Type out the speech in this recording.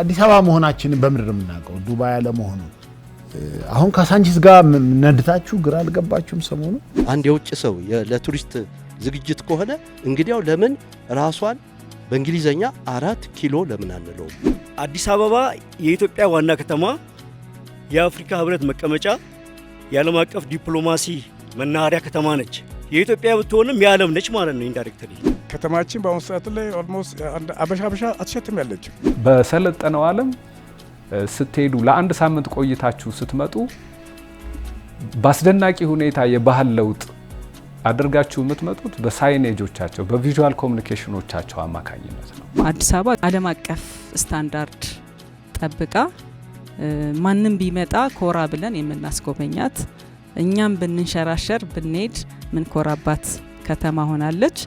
አዲስ አበባ መሆናችንን በምድር የምናውቀው ዱባይ አለመሆኑ አሁን ከሳንቺስ ጋር ነድታችሁ ግራ አልገባችሁም? ሰሞኑ አንድ የውጭ ሰው ለቱሪስት ዝግጅት ከሆነ እንግዲያው ለምን ራሷን በእንግሊዘኛ አራት ኪሎ ለምን አንለው? አዲስ አበባ የኢትዮጵያ ዋና ከተማ፣ የአፍሪካ ህብረት መቀመጫ፣ የዓለም አቀፍ ዲፕሎማሲ መናኸሪያ ከተማ ነች። የኢትዮጵያ ብትሆንም የዓለም ነች ማለት ነው። ኢንዳይሬክተር ከተማችን በአሁኑ ሰዓት ላይ ኦልሞስት አበሻ አበሻ አትሸትም ያለች። በሰለጠነው ዓለም ስትሄዱ ለአንድ ሳምንት ቆይታችሁ ስትመጡ በአስደናቂ ሁኔታ የባህል ለውጥ አድርጋችሁ የምትመጡት በሳይኔጆቻቸው በቪዥዋል ኮሚኒኬሽኖቻቸው አማካኝነት ነው። አዲስ አበባ ዓለም አቀፍ ስታንዳርድ ጠብቃ ማንም ቢመጣ ኮራ ብለን የምናስጎበኛት እኛም ብንንሸራሸር ብንሄድ ምንኮራባት ከተማ ሆናለች።